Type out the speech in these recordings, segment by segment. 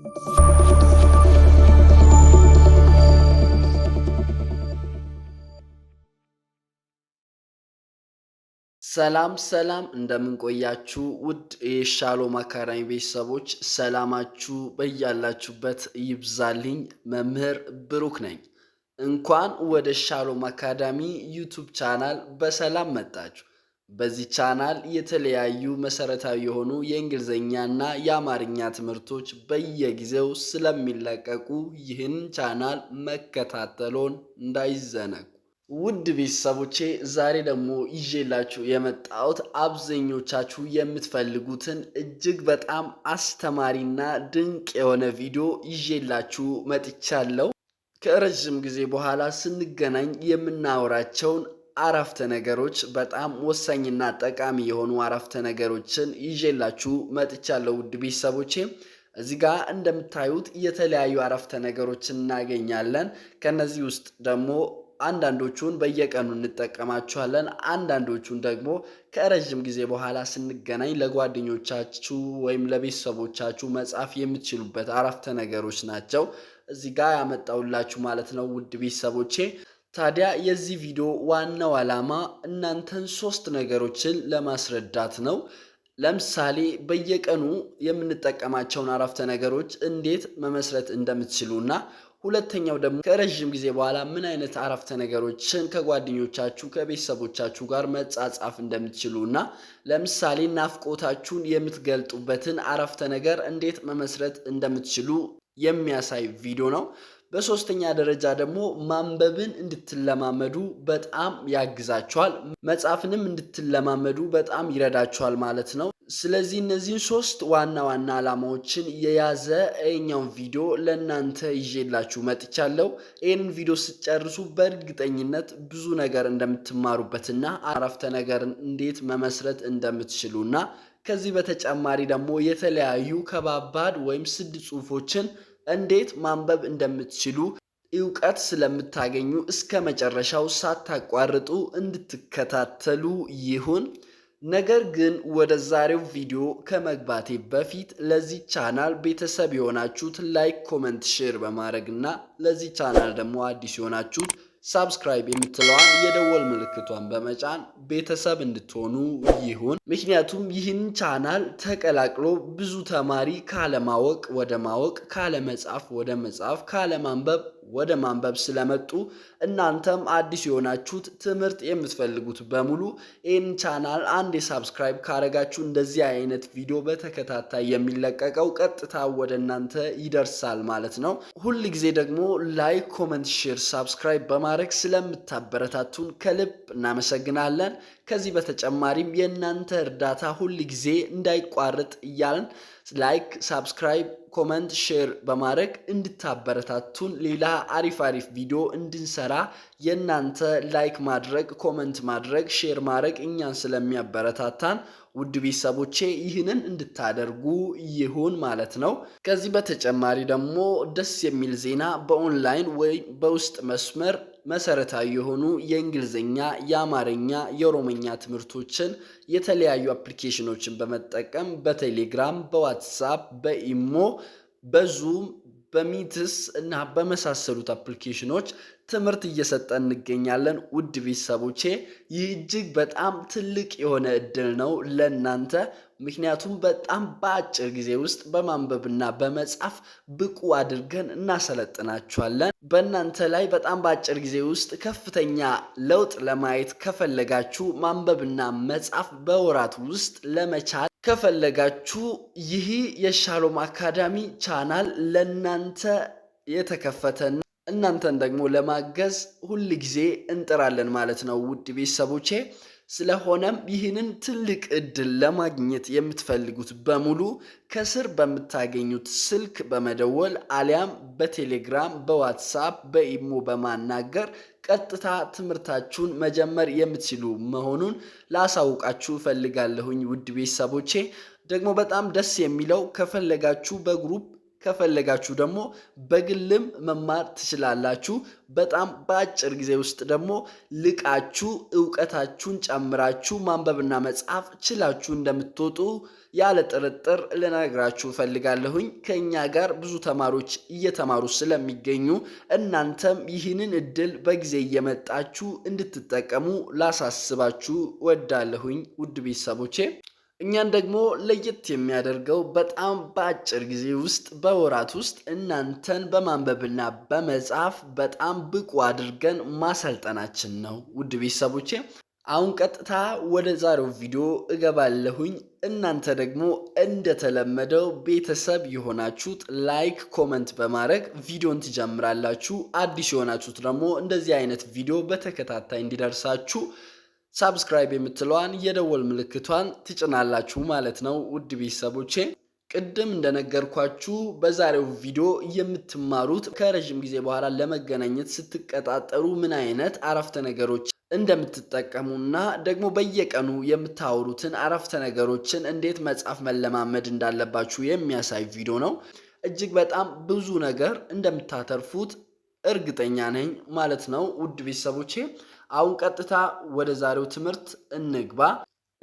ሰላም ሰላም እንደምንቆያችሁ ውድ የሻሎም አካዳሚ ቤተሰቦች ሰላማችሁ በያላችሁበት ይብዛልኝ። መምህር ብሩክ ነኝ። እንኳን ወደ ሻሎም አካዳሚ ዩቱብ ቻናል በሰላም መጣችሁ። በዚህ ቻናል የተለያዩ መሰረታዊ የሆኑ የእንግሊዝኛና የአማርኛ ትምህርቶች በየጊዜው ስለሚለቀቁ ይህን ቻናል መከታተሎን እንዳይዘነጉ። ውድ ቤተሰቦቼ ዛሬ ደግሞ ይዤላችሁ የመጣሁት አብዛኞቻችሁ የምትፈልጉትን እጅግ በጣም አስተማሪና ድንቅ የሆነ ቪዲዮ ይዤላችሁ መጥቻለሁ። ከረዥም ጊዜ በኋላ ስንገናኝ የምናወራቸውን አረፍተ ነገሮች በጣም ወሳኝና ጠቃሚ የሆኑ አረፍተ ነገሮችን ይዤላችሁ መጥቻለሁ። ውድ ቤተሰቦቼ እዚህ ጋር እንደምታዩት የተለያዩ አረፍተ ነገሮችን እናገኛለን። ከነዚህ ውስጥ ደግሞ አንዳንዶቹን በየቀኑ እንጠቀማችኋለን። አንዳንዶቹን ደግሞ ከረዥም ጊዜ በኋላ ስንገናኝ ለጓደኞቻችሁ ወይም ለቤተሰቦቻችሁ መጻፍ የምትችሉበት አረፍተ ነገሮች ናቸው እዚህ ጋር ያመጣውላችሁ ማለት ነው ውድ ቤተሰቦቼ። ታዲያ የዚህ ቪዲዮ ዋናው ዓላማ እናንተን ሶስት ነገሮችን ለማስረዳት ነው። ለምሳሌ በየቀኑ የምንጠቀማቸውን አረፍተ ነገሮች እንዴት መመስረት እንደምትችሉ እና ሁለተኛው ደግሞ ከረዥም ጊዜ በኋላ ምን አይነት አረፍተ ነገሮችን ከጓደኞቻችሁ ከቤተሰቦቻችሁ ጋር መጻጻፍ እንደምትችሉ እና ለምሳሌ ናፍቆታችሁን የምትገልጡበትን አረፍተ ነገር እንዴት መመስረት እንደምትችሉ የሚያሳይ ቪዲዮ ነው። በሶስተኛ ደረጃ ደግሞ ማንበብን እንድትለማመዱ በጣም ያግዛችኋል። መጻፍንም እንድትለማመዱ በጣም ይረዳችኋል ማለት ነው። ስለዚህ እነዚህን ሶስት ዋና ዋና ዓላማዎችን የያዘ ይኛውን ቪዲዮ ለእናንተ ይዤላችሁ መጥቻለሁ። ይህንን ቪዲዮ ስጨርሱ በእርግጠኝነት ብዙ ነገር እንደምትማሩበትና አረፍተ ነገርን እንዴት መመስረት እንደምትችሉና ከዚህ በተጨማሪ ደግሞ የተለያዩ ከባባድ ወይም ስድ ጽሁፎችን እንዴት ማንበብ እንደምትችሉ እውቀት ስለምታገኙ እስከ መጨረሻው ሳታቋርጡ እንድትከታተሉ ይሁን። ነገር ግን ወደ ዛሬው ቪዲዮ ከመግባቴ በፊት ለዚህ ቻናል ቤተሰብ የሆናችሁት ላይክ፣ ኮመንት፣ ሼር በማድረግ እና ለዚህ ቻናል ደግሞ አዲስ የሆናችሁት ሳብስክራይብ የምትለዋን የደወል ምልክቷን በመጫን ቤተሰብ እንድትሆኑ ይሁን። ምክንያቱም ይህን ቻናል ተቀላቅሎ ብዙ ተማሪ ካለማወቅ ወደ ማወቅ፣ ካለመጻፍ ወደ መጻፍ፣ ካለማንበብ ወደ ማንበብ ስለመጡ እናንተም አዲስ የሆናችሁት ትምህርት የምትፈልጉት በሙሉ ይህን ቻናል አንድ የሳብስክራይብ ካረጋችሁ እንደዚህ አይነት ቪዲዮ በተከታታይ የሚለቀቀው ቀጥታ ወደ እናንተ ይደርሳል ማለት ነው። ሁል ጊዜ ደግሞ ላይክ፣ ኮመንት፣ ሼር፣ ሳብስክራይብ በማድረግ ስለምታበረታቱን ከልብ እናመሰግናለን። ከዚህ በተጨማሪም የእናንተ እርዳታ ሁል ጊዜ እንዳይቋርጥ እያልን ላይክ፣ ሳብስክራይብ፣ ኮመንት፣ ሼር በማድረግ እንድታበረታቱን ሌላ አሪፍ አሪፍ ቪዲዮ እንድንሰራ የእናንተ ላይክ ማድረግ፣ ኮመንት ማድረግ፣ ሼር ማድረግ እኛን ስለሚያበረታታን ውድ ቤተሰቦቼ ይህንን እንድታደርጉ ይሁን ማለት ነው። ከዚህ በተጨማሪ ደግሞ ደስ የሚል ዜና በኦንላይን ወይም በውስጥ መስመር መሰረታዊ የሆኑ የእንግሊዝኛ፣ የአማርኛ፣ የኦሮምኛ ትምህርቶችን የተለያዩ አፕሊኬሽኖችን በመጠቀም በቴሌግራም፣ በዋትሳፕ፣ በኢሞ፣ በዙም፣ በሚትስ እና በመሳሰሉት አፕሊኬሽኖች ትምህርት እየሰጠ እንገኛለን። ውድ ቤተሰቦቼ ይህ እጅግ በጣም ትልቅ የሆነ እድል ነው ለእናንተ ምክንያቱም በጣም በአጭር ጊዜ ውስጥ በማንበብና በመጻፍ ብቁ አድርገን እናሰለጥናችኋለን። በእናንተ ላይ በጣም በአጭር ጊዜ ውስጥ ከፍተኛ ለውጥ ለማየት ከፈለጋችሁ ማንበብና መጻፍ በወራት ውስጥ ለመቻል ከፈለጋችሁ ይህ የሻሎም አካዳሚ ቻናል ለእናንተ የተከፈተና እናንተን ደግሞ ለማገዝ ሁል ጊዜ እንጥራለን ማለት ነው ውድ ቤተሰቦቼ። ስለሆነም ይህንን ትልቅ እድል ለማግኘት የምትፈልጉት በሙሉ ከስር በምታገኙት ስልክ በመደወል አሊያም በቴሌግራም፣ በዋትሳፕ፣ በኢሞ በማናገር ቀጥታ ትምህርታችሁን መጀመር የምትችሉ መሆኑን ላሳውቃችሁ እፈልጋለሁኝ ውድ ቤተሰቦቼ። ደግሞ በጣም ደስ የሚለው ከፈለጋችሁ በግሩፕ ከፈለጋችሁ ደግሞ በግልም መማር ትችላላችሁ። በጣም በአጭር ጊዜ ውስጥ ደግሞ ልቃችሁ እውቀታችሁን ጨምራችሁ ማንበብና መጻፍ ችላችሁ እንደምትወጡ ያለ ጥርጥር ልነግራችሁ እፈልጋለሁኝ። ከእኛ ጋር ብዙ ተማሪዎች እየተማሩ ስለሚገኙ እናንተም ይህንን እድል በጊዜ እየመጣችሁ እንድትጠቀሙ ላሳስባችሁ ወዳለሁኝ ውድ ቤተሰቦቼ። እኛን ደግሞ ለየት የሚያደርገው በጣም በአጭር ጊዜ ውስጥ በወራት ውስጥ እናንተን በማንበብና በመጻፍ በጣም ብቁ አድርገን ማሰልጠናችን ነው። ውድ ቤተሰቦቼ አሁን ቀጥታ ወደ ዛሬው ቪዲዮ እገባለሁኝ። እናንተ ደግሞ እንደተለመደው ቤተሰብ የሆናችሁት ላይክ፣ ኮመንት በማድረግ ቪዲዮን ትጀምራላችሁ። አዲስ የሆናችሁት ደግሞ እንደዚህ አይነት ቪዲዮ በተከታታይ እንዲደርሳችሁ ሳብስክራይብ የምትለዋን የደወል ምልክቷን ትጭናላችሁ ማለት ነው። ውድ ቤተሰቦቼ ቅድም እንደነገርኳችሁ በዛሬው ቪዲዮ የምትማሩት ከረዥም ጊዜ በኋላ ለመገናኘት ስትቀጣጠሩ ምን አይነት አረፍተ ነገሮች እንደምትጠቀሙ እና ደግሞ በየቀኑ የምታወሩትን አረፍተ ነገሮችን እንዴት መጻፍ መለማመድ እንዳለባችሁ የሚያሳይ ቪዲዮ ነው። እጅግ በጣም ብዙ ነገር እንደምታተርፉት እርግጠኛ ነኝ ማለት ነው። ውድ ቤተሰቦቼ አሁን ቀጥታ ወደ ዛሬው ትምህርት እንግባ።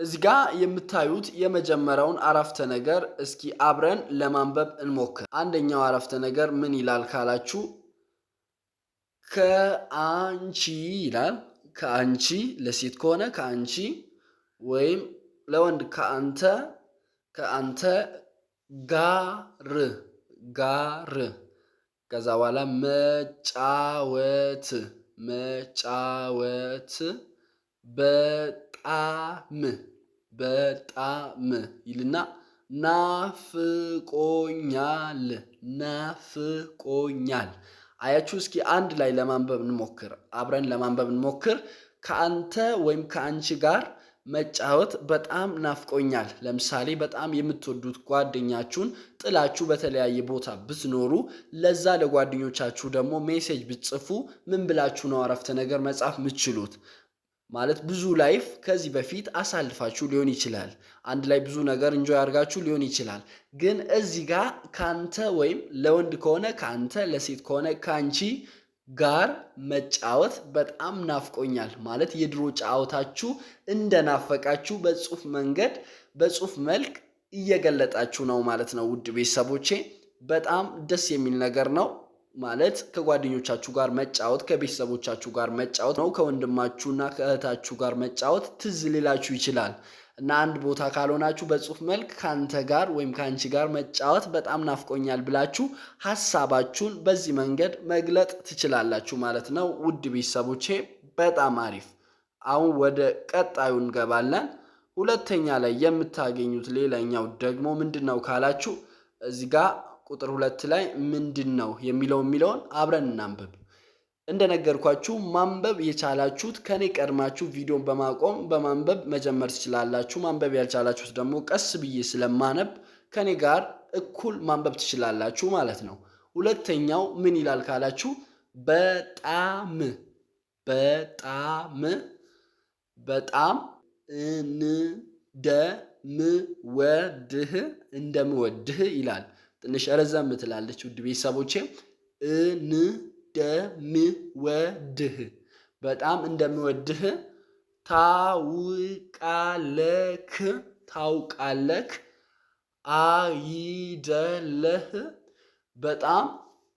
እዚህ ጋ የምታዩት የመጀመሪያውን አረፍተ ነገር እስኪ አብረን ለማንበብ እንሞክር። አንደኛው አረፍተ ነገር ምን ይላል ካላችሁ ከአንቺ ይላል። ከአንቺ ለሴት ከሆነ ከአንቺ ወይም ለወንድ ከአንተ ከአንተ ጋር ጋር ከዛ በኋላ መጫወት መጫወት በጣም በጣም ይልና ናፍቆኛል ናፍቆኛል። አያችሁ፣ እስኪ አንድ ላይ ለማንበብ እንሞክር፣ አብረን ለማንበብ እንሞክር። ከአንተ ወይም ከአንቺ ጋር መጫወት በጣም ናፍቆኛል። ለምሳሌ በጣም የምትወዱት ጓደኛችሁን ጥላችሁ በተለያየ ቦታ ብትኖሩ ለዛ ለጓደኞቻችሁ ደግሞ ሜሴጅ ብትጽፉ ምን ብላችሁ ነው አረፍተ ነገር መጻፍ የምትችሉት? ማለት ብዙ ላይፍ ከዚህ በፊት አሳልፋችሁ ሊሆን ይችላል። አንድ ላይ ብዙ ነገር እንጆ ያርጋችሁ ሊሆን ይችላል። ግን እዚህ ጋር ካንተ ወይም ለወንድ ከሆነ ካንተ፣ ለሴት ከሆነ ከአንቺ ጋር መጫወት በጣም ናፍቆኛል ማለት የድሮ ጫወታችሁ እንደናፈቃችሁ በጽሁፍ መንገድ በጽሁፍ መልክ እየገለጣችሁ ነው ማለት ነው። ውድ ቤተሰቦቼ በጣም ደስ የሚል ነገር ነው ማለት ከጓደኞቻችሁ ጋር መጫወት፣ ከቤተሰቦቻችሁ ጋር መጫወት ነው። ከወንድማችሁና ከእህታችሁ ጋር መጫወት ትዝ ሊላችሁ ይችላል። እና አንድ ቦታ ካልሆናችሁ በጽሁፍ መልክ ከአንተ ጋር ወይም ከአንቺ ጋር መጫወት በጣም ናፍቆኛል ብላችሁ ሀሳባችሁን በዚህ መንገድ መግለጥ ትችላላችሁ ማለት ነው። ውድ ቤተሰቦቼ በጣም አሪፍ። አሁን ወደ ቀጣዩ እንገባለን። ሁለተኛ ላይ የምታገኙት ሌላኛው ደግሞ ምንድን ነው ካላችሁ እዚህ ጋር ቁጥር ሁለት ላይ ምንድን ነው የሚለው የሚለውን አብረን እናንብብ። እንደነገርኳችሁ ማንበብ የቻላችሁት ከኔ ቀድማችሁ ቪዲዮን በማቆም በማንበብ መጀመር ትችላላችሁ። ማንበብ ያልቻላችሁት ደግሞ ቀስ ብዬ ስለማነብ ከኔ ጋር እኩል ማንበብ ትችላላችሁ ማለት ነው። ሁለተኛው ምን ይላል ካላችሁ በጣም በጣም በጣም እንደምወድህ እንደምወድህ ይላል። ትንሽ ረዘም ትላለች ውድ ቤተሰቦቼ እን እንደምወድህ በጣም እንደምወድህ ታውቃለክ ታውቃለክ አይደለህ በጣም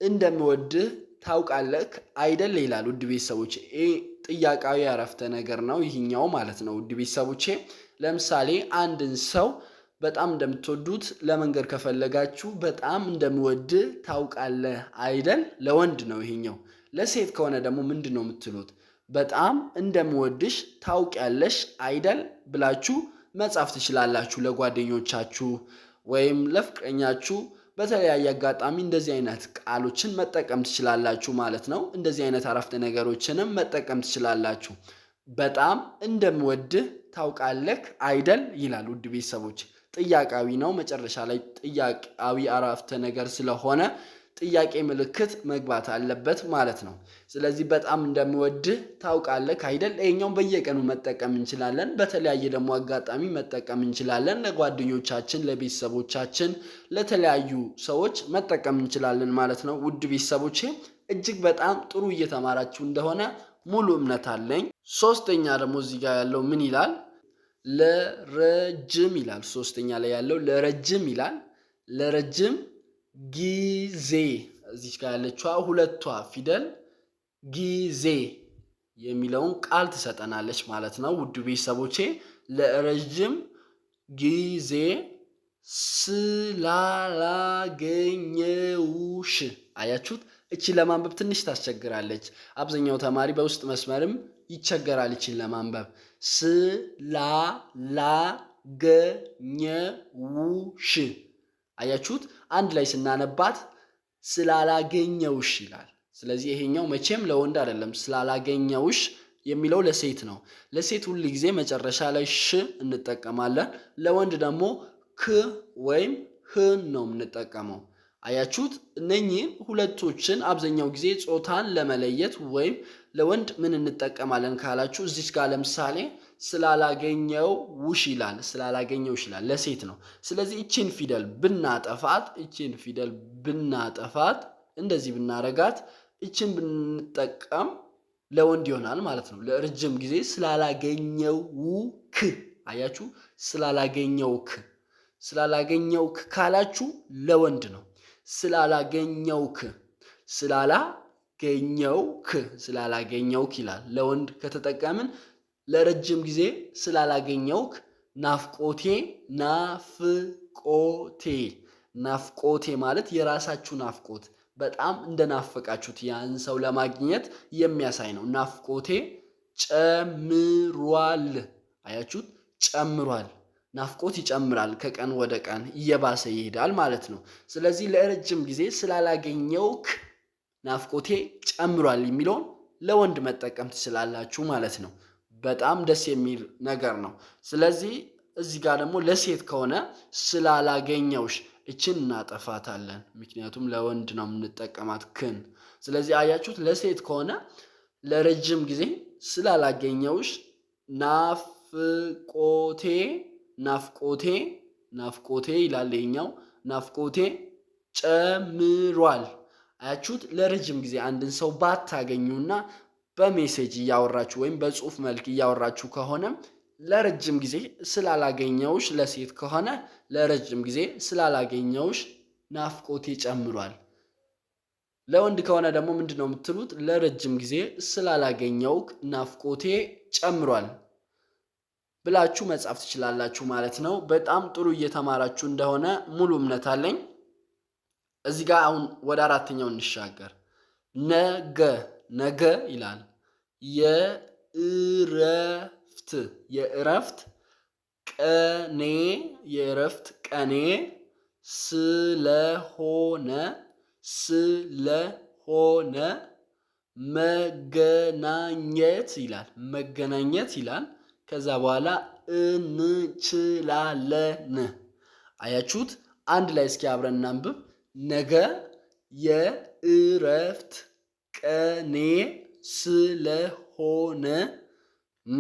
እንደምወድህ ታውቃለክ አይደል ይላል። ውድ ቤተሰቦቼ ይህ ጥያቄያዊ አረፍተ ነገር ነው ይህኛው ማለት ነው። ውድ ቤተሰቦቼ ለምሳሌ አንድን ሰው በጣም እንደምትወዱት ለመንገድ ከፈለጋችሁ በጣም እንደምወድ ታውቃለህ አይደል? ለወንድ ነው ይሄኛው። ለሴት ከሆነ ደግሞ ምንድን ነው የምትሉት? በጣም እንደምወድሽ ታውቂያለሽ አይደል? ብላችሁ መጻፍ ትችላላችሁ ለጓደኞቻችሁ ወይም ለፍቅረኛችሁ በተለያየ አጋጣሚ እንደዚህ አይነት ቃሎችን መጠቀም ትችላላችሁ ማለት ነው። እንደዚህ አይነት አረፍተ ነገሮችንም መጠቀም ትችላላችሁ። በጣም እንደምወድህ ታውቃለህ አይደል ይላል። ውድ ቤተሰቦች ጥያቄያዊ ነው። መጨረሻ ላይ ጥያቄያዊ አረፍተ ነገር ስለሆነ ጥያቄ ምልክት መግባት አለበት ማለት ነው። ስለዚህ በጣም እንደምወድህ ታውቃለህ አይደል? ይሄኛውን በየቀኑ መጠቀም እንችላለን። በተለያየ ደግሞ አጋጣሚ መጠቀም እንችላለን። ለጓደኞቻችን፣ ለቤተሰቦቻችን፣ ለተለያዩ ሰዎች መጠቀም እንችላለን ማለት ነው። ውድ ቤተሰቦች እጅግ በጣም ጥሩ እየተማራችሁ እንደሆነ ሙሉ እምነት አለኝ። ሶስተኛ ደግሞ እዚህ ጋር ያለው ምን ይላል? ለረጅም ይላል። ሶስተኛ ላይ ያለው ለረጅም ይላል። ለረጅም ጊዜ እዚች ጋር ያለችዋ ሁለቷ ፊደል ጊዜ የሚለውን ቃል ትሰጠናለች ማለት ነው። ውድ ቤተሰቦቼ ለረጅም ጊዜ ስላላገኘውሽ አያችሁት። እቺ ለማንበብ ትንሽ ታስቸግራለች። አብዛኛው ተማሪ በውስጥ መስመርም ይቸገራል እቺን ለማንበብ ስላላገኘውሽ አያችሁት? አንድ ላይ ስናነባት ስላላገኘውሽ ይላል። ስለዚህ ይሄኛው መቼም ለወንድ አይደለም። ስላላገኘውሽ የሚለው ለሴት ነው። ለሴት ሁል ጊዜ መጨረሻ ላይ ሽ እንጠቀማለን። ለወንድ ደግሞ ክ ወይም ህን ነው የምንጠቀመው። አያችሁት? እነኚህም ሁለቶችን አብዛኛው ጊዜ ጾታን ለመለየት ወይም ለወንድ ምን እንጠቀማለን ካላችሁ እዚች ጋር ለምሳሌ ስላላገኘው ውሽ ይላል። ስላላገኘው ውሽ ይላል ለሴት ነው። ስለዚህ እቺን ፊደል ብናጠፋት፣ እቺን ፊደል ብናጠፋት፣ እንደዚህ ብናረጋት፣ እቺን ብንጠቀም ለወንድ ይሆናል ማለት ነው። ለረጅም ጊዜ ስላላገኘው ክ አያችሁ፣ ስላላገኘው ክ ስላላገኘው ክ ካላችሁ ለወንድ ነው። ስላላገኘውክ ስላላገኘውክ ስላላገኘውክ ይላል። ለወንድ ከተጠቀምን ለረጅም ጊዜ ስላላገኘውክ ናፍቆቴ ናፍቆቴ ናፍቆቴ ማለት የራሳችሁ ናፍቆት በጣም እንደናፈቃችሁት ያን ሰው ለማግኘት የሚያሳይ ነው። ናፍቆቴ ጨምሯል። አያችሁት? ጨምሯል ናፍቆት ይጨምራል። ከቀን ወደ ቀን እየባሰ ይሄዳል ማለት ነው። ስለዚህ ለረጅም ጊዜ ስላላገኘውክ ናፍቆቴ ጨምሯል የሚለውን ለወንድ መጠቀም ትችላላችሁ ማለት ነው። በጣም ደስ የሚል ነገር ነው። ስለዚህ እዚህ ጋር ደግሞ ለሴት ከሆነ ስላላገኘውሽ እችን እናጠፋታለን። ምክንያቱም ለወንድ ነው የምንጠቀማት ክን። ስለዚህ አያችሁት፣ ለሴት ከሆነ ለረጅም ጊዜ ስላላገኘውሽ ናፍቆቴ ናፍቆቴ ናፍቆቴ ይላል ይሄኛው ናፍቆቴ ጨምሯል። አያችሁት? ለረጅም ጊዜ አንድን ሰው ባታገኙና በሜሴጅ እያወራችሁ ወይም በጽሁፍ መልክ እያወራችሁ ከሆነ ለረጅም ጊዜ ስላላገኘውሽ፣ ለሴት ከሆነ ለረጅም ጊዜ ስላላገኘውሽ ናፍቆቴ ጨምሯል። ለወንድ ከሆነ ደግሞ ምንድን ነው የምትሉት? ለረጅም ጊዜ ስላላገኘውክ ናፍቆቴ ጨምሯል። ብላችሁ መጻፍ ትችላላችሁ ማለት ነው። በጣም ጥሩ እየተማራችሁ እንደሆነ ሙሉ እምነት አለኝ። እዚህ ጋር አሁን ወደ አራተኛው እንሻገር። ነገ ነገ ይላል። የእረፍት የእረፍት ቀኔ የእረፍት ቀኔ ስለሆነ ስለሆነ መገናኘት ይላል መገናኘት ይላል ከዛ በኋላ እንችላለን። አያችሁት? አንድ ላይ እስኪ አብረን እናንብብ። ነገ የእረፍት ቀኔ ስለሆነ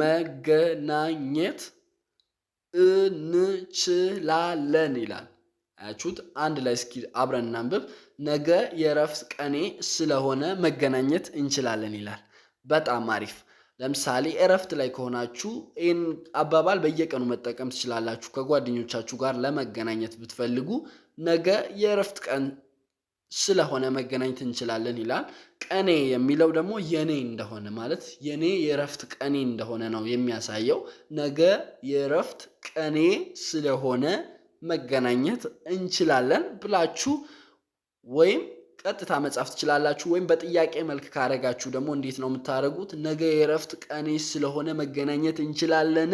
መገናኘት እንችላለን ይላል። አያችሁት? አንድ ላይ እስኪ አብረን እናንብብ። ነገ የእረፍት ቀኔ ስለሆነ መገናኘት እንችላለን ይላል። በጣም አሪፍ ለምሳሌ እረፍት ላይ ከሆናችሁ ይህን አባባል በየቀኑ መጠቀም ትችላላችሁ። ከጓደኞቻችሁ ጋር ለመገናኘት ብትፈልጉ ነገ የእረፍት ቀን ስለሆነ መገናኘት እንችላለን ይላል። ቀኔ የሚለው ደግሞ የኔ እንደሆነ ማለት የኔ የእረፍት ቀኔ እንደሆነ ነው የሚያሳየው። ነገ የእረፍት ቀኔ ስለሆነ መገናኘት እንችላለን ብላችሁ ወይም ቀጥታ መጻፍ ትችላላችሁ። ወይም በጥያቄ መልክ ካረጋችሁ ደግሞ እንዴት ነው የምታደርጉት? ነገ የእረፍት ቀኔ ስለሆነ መገናኘት እንችላለን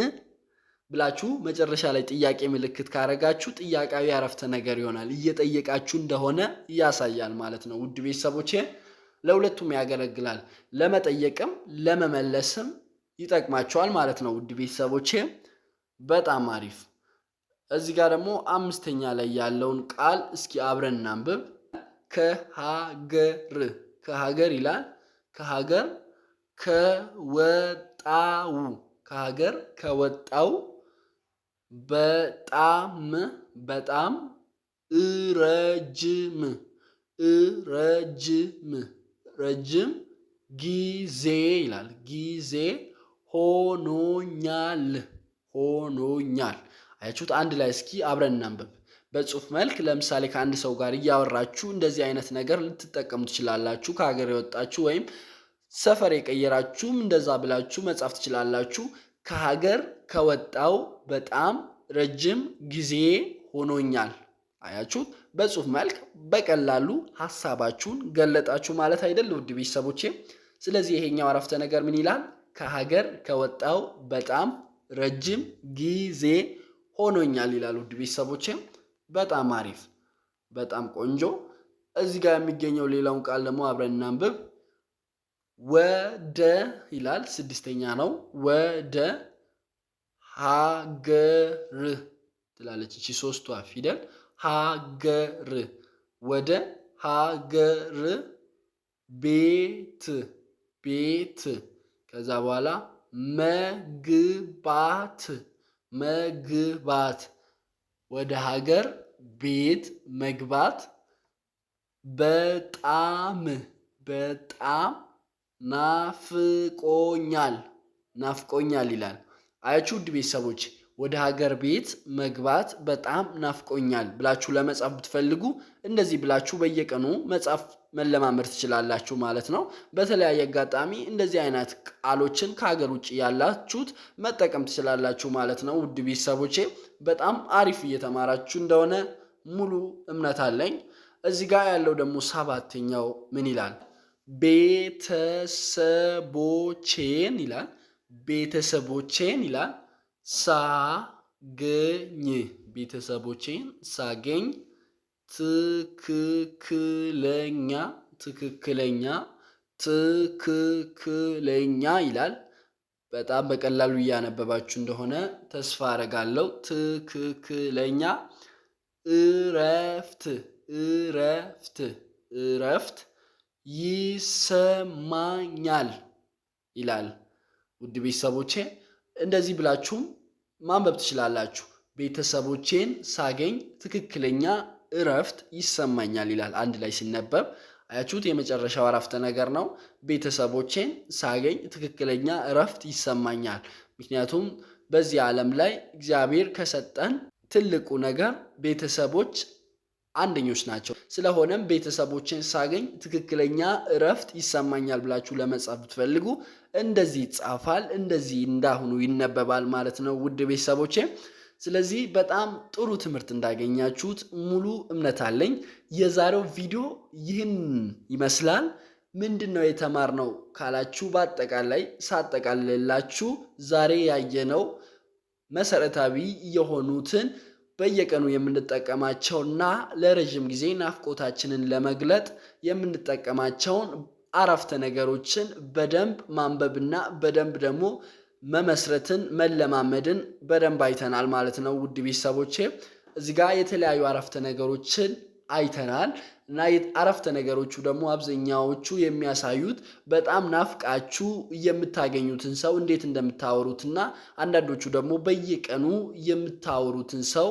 ብላችሁ መጨረሻ ላይ ጥያቄ ምልክት ካረጋችሁ ጥያቄያዊ አረፍተ ነገር ይሆናል። እየጠየቃችሁ እንደሆነ ያሳያል ማለት ነው። ውድ ቤተሰቦቼ ለሁለቱም ያገለግላል። ለመጠየቅም ለመመለስም ይጠቅማቸዋል ማለት ነው። ውድ ቤተሰቦቼ በጣም አሪፍ። እዚህ ጋር ደግሞ አምስተኛ ላይ ያለውን ቃል እስኪ አብረን እናንብብ። ከሀገር ከሀገር ይላል። ከሀገር ከወጣው ከሀገር ከወጣው በጣም በጣም እረጅም እረጅም ረጅም ጊዜ ይላል። ጊዜ ሆኖኛል ሆኖኛል። አያችሁት? አንድ ላይ እስኪ አብረን እናንብብ። በጽሁፍ መልክ ለምሳሌ ከአንድ ሰው ጋር እያወራችሁ እንደዚህ አይነት ነገር ልትጠቀሙ ትችላላችሁ። ከሀገር የወጣችሁ ወይም ሰፈር የቀየራችሁም እንደዛ ብላችሁ መጻፍ ትችላላችሁ። ከሀገር ከወጣው በጣም ረጅም ጊዜ ሆኖኛል። አያችሁት? በጽሁፍ መልክ በቀላሉ ሀሳባችሁን ገለጣችሁ ማለት አይደል ውድ ቤተሰቦቼ? ስለዚህ ይሄኛው አረፍተ ነገር ምን ይላል? ከሀገር ከወጣው በጣም ረጅም ጊዜ ሆኖኛል ይላል ውድ ቤተሰቦቼ። በጣም አሪፍ፣ በጣም ቆንጆ። እዚህ ጋር የሚገኘው ሌላውን ቃል ደግሞ አብረን እናንብብ። ወደ ይላል ስድስተኛ ነው። ወደ ሀገር ትላለች እቺ ሶስቷ ፊደል ሀገር። ወደ ሀገር ቤት ቤት ከዛ በኋላ መግባት መግባት ወደ ሀገር ቤት መግባት በጣም በጣም ናፍቆኛል ናፍቆኛል ይላል። አያችሁ ውድ ቤተሰቦች ወደ ሀገር ቤት መግባት በጣም ናፍቆኛል ብላችሁ ለመጻፍ ብትፈልጉ እንደዚህ ብላችሁ በየቀኑ መጻፍ መለማመድ ትችላላችሁ ማለት ነው። በተለያየ አጋጣሚ እንደዚህ አይነት ቃሎችን ከሀገር ውጭ ያላችሁት መጠቀም ትችላላችሁ ማለት ነው። ውድ ቤተሰቦቼ በጣም አሪፍ እየተማራችሁ እንደሆነ ሙሉ እምነት አለኝ። እዚህ ጋር ያለው ደግሞ ሰባተኛው ምን ይላል? ቤተሰቦቼን ይላል። ቤተሰቦቼን ይላል ሳገኝ ቤተሰቦቼን ሳገኝ ትክክለኛ ትክክለኛ ትክክለኛ ይላል። በጣም በቀላሉ እያነበባችሁ እንደሆነ ተስፋ አረጋለሁ። ትክክለኛ እረፍት እረፍት እረፍት ይሰማኛል ይላል። ውድ ቤተሰቦቼ እንደዚህ ብላችሁም ማንበብ ትችላላችሁ። ቤተሰቦቼን ሳገኝ ትክክለኛ እረፍት ይሰማኛል ይላል። አንድ ላይ ሲነበብ አያችሁት? የመጨረሻው አረፍተ ነገር ነው። ቤተሰቦቼን ሳገኝ ትክክለኛ እረፍት ይሰማኛል። ምክንያቱም በዚህ ዓለም ላይ እግዚአብሔር ከሰጠን ትልቁ ነገር ቤተሰቦች አንደኞች ናቸው። ስለሆነም ቤተሰቦችን ሳገኝ ትክክለኛ እረፍት ይሰማኛል ብላችሁ ለመጻፍ ብትፈልጉ እንደዚህ ይጻፋል፣ እንደዚህ እንዳሁኑ ይነበባል ማለት ነው ውድ ቤተሰቦቼ። ስለዚህ በጣም ጥሩ ትምህርት እንዳገኛችሁት ሙሉ እምነት አለኝ። የዛሬው ቪዲዮ ይህን ይመስላል። ምንድን ነው የተማርነው ካላችሁ፣ በአጠቃላይ ሳጠቃልላችሁ ዛሬ ያየነው መሰረታዊ የሆኑትን በየቀኑ የምንጠቀማቸውና ለረዥም ጊዜ ናፍቆታችንን ለመግለጥ የምንጠቀማቸውን አረፍተ ነገሮችን በደንብ ማንበብና በደንብ ደግሞ መመስረትን መለማመድን በደንብ አይተናል ማለት ነው። ውድ ቤተሰቦቼ እዚጋ የተለያዩ አረፍተ ነገሮችን አይተናል እና አረፍተ ነገሮቹ ደግሞ አብዛኛዎቹ የሚያሳዩት በጣም ናፍቃችሁ የምታገኙትን ሰው እንዴት እንደምታወሩትና አንዳንዶቹ ደግሞ በየቀኑ የምታወሩትን ሰው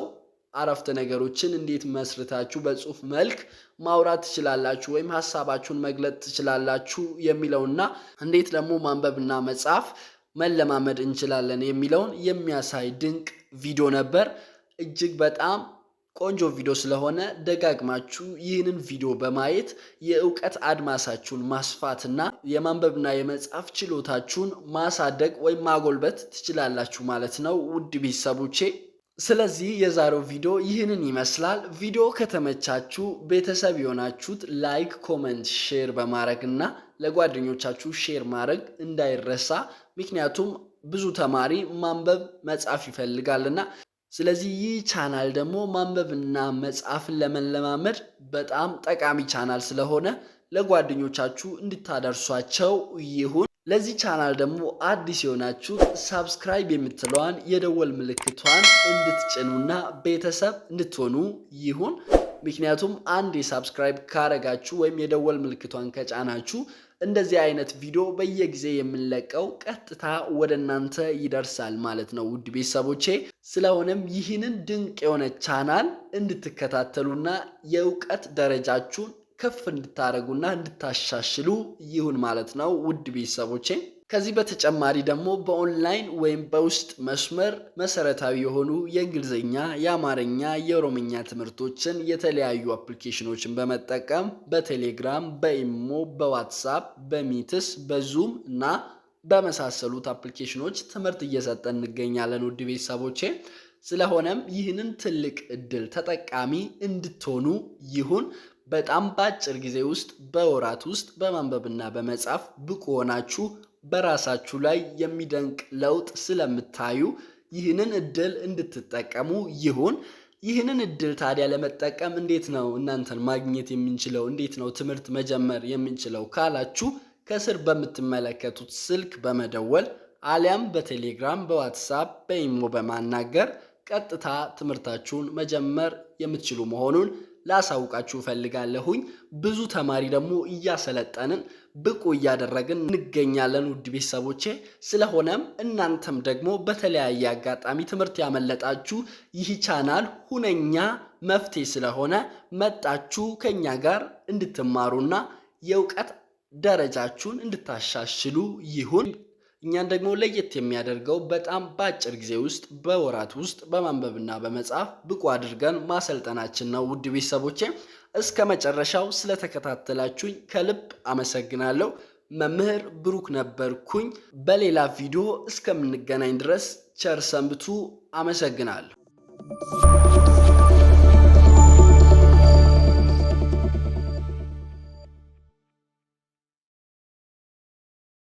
አረፍተ ነገሮችን እንዴት መስርታችሁ በጽሁፍ መልክ ማውራት ትችላላችሁ ወይም ሀሳባችሁን መግለጥ ትችላላችሁ የሚለውና እንዴት ደግሞ ማንበብና መጻፍ መለማመድ እንችላለን የሚለውን የሚያሳይ ድንቅ ቪዲዮ ነበር። እጅግ በጣም ቆንጆ ቪዲዮ ስለሆነ ደጋግማችሁ ይህንን ቪዲዮ በማየት የእውቀት አድማሳችሁን ማስፋትና የማንበብና የመጻፍ ችሎታችሁን ማሳደግ ወይም ማጎልበት ትችላላችሁ ማለት ነው ውድ ቤተሰቦቼ። ስለዚህ የዛሬው ቪዲዮ ይህንን ይመስላል። ቪዲዮ ከተመቻችሁ ቤተሰብ የሆናችሁት ላይክ፣ ኮመንት፣ ሼር በማድረግ እና ለጓደኞቻችሁ ሼር ማድረግ እንዳይረሳ። ምክንያቱም ብዙ ተማሪ ማንበብ መጻፍ ይፈልጋልና ስለዚህ ይህ ቻናል ደግሞ ማንበብና መጻፍን ለመለማመድ በጣም ጠቃሚ ቻናል ስለሆነ ለጓደኞቻችሁ እንድታደርሷቸው ይሁን። ለዚህ ቻናል ደግሞ አዲስ የሆናችሁ ሳብስክራይብ የምትለዋን የደወል ምልክቷን እንድትጭኑና ቤተሰብ እንድትሆኑ ይሁን። ምክንያቱም አንድ የሳብስክራይብ ካረጋችሁ ወይም የደወል ምልክቷን ከጫናችሁ እንደዚህ አይነት ቪዲዮ በየጊዜ የምንለቀው ቀጥታ ወደ እናንተ ይደርሳል ማለት ነው፣ ውድ ቤተሰቦቼ። ስለሆነም ይህንን ድንቅ የሆነ ቻናል እንድትከታተሉና የእውቀት ደረጃችሁን ከፍ እንድታደረጉና እንድታሻሽሉ ይሁን ማለት ነው ውድ ቤተሰቦቼ። ከዚህ በተጨማሪ ደግሞ በኦንላይን ወይም በውስጥ መስመር መሰረታዊ የሆኑ የእንግሊዝኛ፣ የአማርኛ፣ የኦሮምኛ ትምህርቶችን የተለያዩ አፕሊኬሽኖችን በመጠቀም በቴሌግራም፣ በኢሞ፣ በዋትሳፕ፣ በሚትስ፣ በዙም እና በመሳሰሉት አፕሊኬሽኖች ትምህርት እየሰጠን እንገኛለን ውድ ቤተሰቦቼ። ስለሆነም ይህንን ትልቅ እድል ተጠቃሚ እንድትሆኑ ይሁን በጣም በአጭር ጊዜ ውስጥ በወራት ውስጥ በማንበብና በመጻፍ ብቁ ሆናችሁ በራሳችሁ ላይ የሚደንቅ ለውጥ ስለምታዩ ይህንን እድል እንድትጠቀሙ ይሁን። ይህንን እድል ታዲያ ለመጠቀም እንዴት ነው እናንተን ማግኘት የምንችለው? እንዴት ነው ትምህርት መጀመር የምንችለው ካላችሁ ከስር በምትመለከቱት ስልክ በመደወል አሊያም በቴሌግራም፣ በዋትሳፕ፣ በኢሞ በማናገር ቀጥታ ትምህርታችሁን መጀመር የምትችሉ መሆኑን ላሳውቃችሁ እፈልጋለሁኝ። ብዙ ተማሪ ደግሞ እያሰለጠንን ብቁ እያደረግን እንገኛለን ውድ ቤተሰቦቼ። ስለሆነም እናንተም ደግሞ በተለያየ አጋጣሚ ትምህርት ያመለጣችሁ ይህ ቻናል ሁነኛ መፍትሄ ስለሆነ መጣችሁ ከእኛ ጋር እንድትማሩና የእውቀት ደረጃችሁን እንድታሻሽሉ ይሁን። እኛን ደግሞ ለየት የሚያደርገው በጣም በአጭር ጊዜ ውስጥ በወራት ውስጥ በማንበብና በመጻፍ ብቁ አድርገን ማሰልጠናችን ነው። ውድ ቤተሰቦቼ እስከ መጨረሻው ስለተከታተላችሁኝ ከልብ አመሰግናለሁ። መምህር ብሩክ ነበርኩኝ። በሌላ ቪዲዮ እስከምንገናኝ ድረስ ቸር ሰንብቱ። አመሰግናለሁ።